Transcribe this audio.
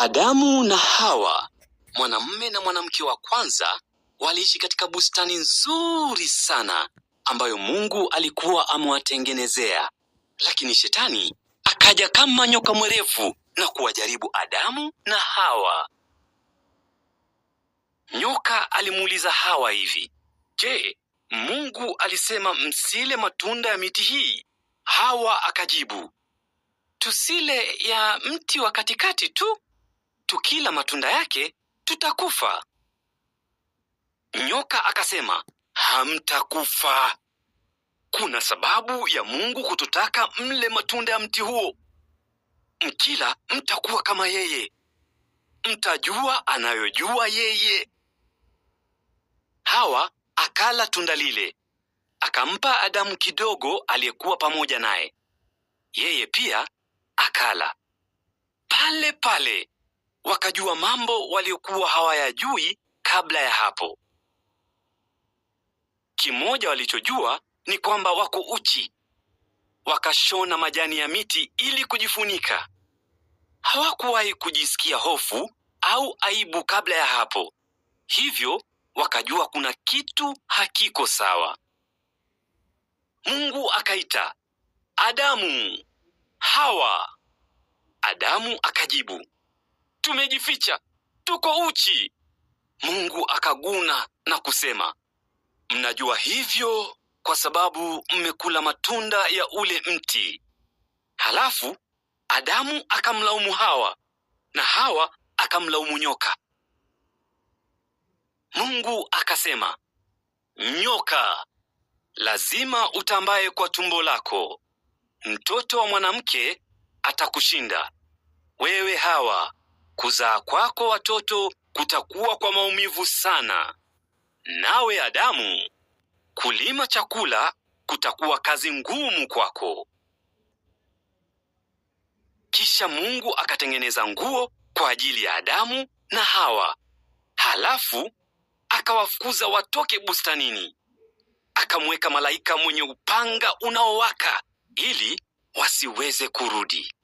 Adamu na Hawa, mwanamume na mwanamke wa kwanza, waliishi katika bustani nzuri sana ambayo Mungu alikuwa amewatengenezea, lakini shetani akaja kama nyoka mwerevu na kuwajaribu Adamu na Hawa. Nyoka alimuuliza Hawa hivi, je, Mungu alisema msile matunda ya miti hii? Hawa akajibu, tusile ya mti wa katikati tu tukila matunda yake tutakufa. Nyoka akasema, hamtakufa. Kuna sababu ya Mungu kututaka mle matunda ya mti huo. Mkila mtakuwa kama yeye, mtajua anayojua yeye. Hawa akala tunda lile, akampa Adamu kidogo aliyekuwa pamoja naye, yeye pia akala. Pale pale wakajua mambo waliokuwa hawayajui kabla ya hapo. Kimoja walichojua ni kwamba wako uchi, wakashona majani ya miti ili kujifunika. Hawakuwahi kujisikia hofu au aibu kabla ya hapo, hivyo wakajua kuna kitu hakiko sawa. Mungu akaita Adamu, Hawa. Adamu akajibu tumejificha, tuko uchi. Mungu akaguna na kusema, mnajua hivyo kwa sababu mmekula matunda ya ule mti. Halafu Adamu akamlaumu Hawa na Hawa akamlaumu nyoka. Mungu akasema, nyoka, lazima utambaye kwa tumbo lako, mtoto wa mwanamke atakushinda. Wewe Hawa Kuzaa kwako watoto kutakuwa kwa maumivu sana. Nawe Adamu, kulima chakula kutakuwa kazi ngumu kwako. Kisha Mungu akatengeneza nguo kwa ajili ya Adamu na Hawa, halafu akawafukuza watoke bustanini. Akamweka malaika mwenye upanga unaowaka ili wasiweze kurudi.